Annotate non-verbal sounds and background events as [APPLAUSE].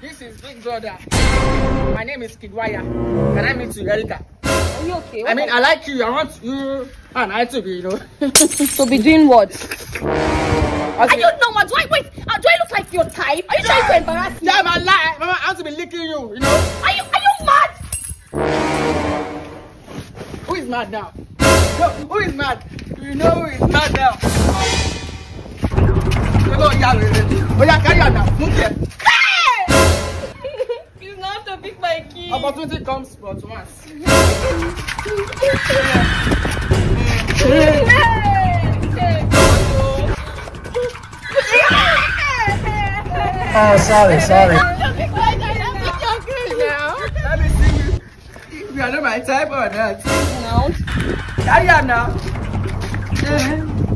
This is Big Brother. My name is Kidwaya. Can I meet you, Erika? Are you okay? What I mean, I like you. I want you and I to be, you know. So [LAUGHS] be doing what? Okay. [LAUGHS] I don't know what. Do I wait? Uh, do I look like your type? Are you trying to embarrass me? Yeah, man, lie. I want to be licking you, you know. Are you are you mad? Who is mad now? No, who is mad? You know who is mad now? Oh, yeah, oh, yeah, carry on. opportunity comes but once. oh, sorry, sorry. Let me see if you are not my type or not. Carry on now.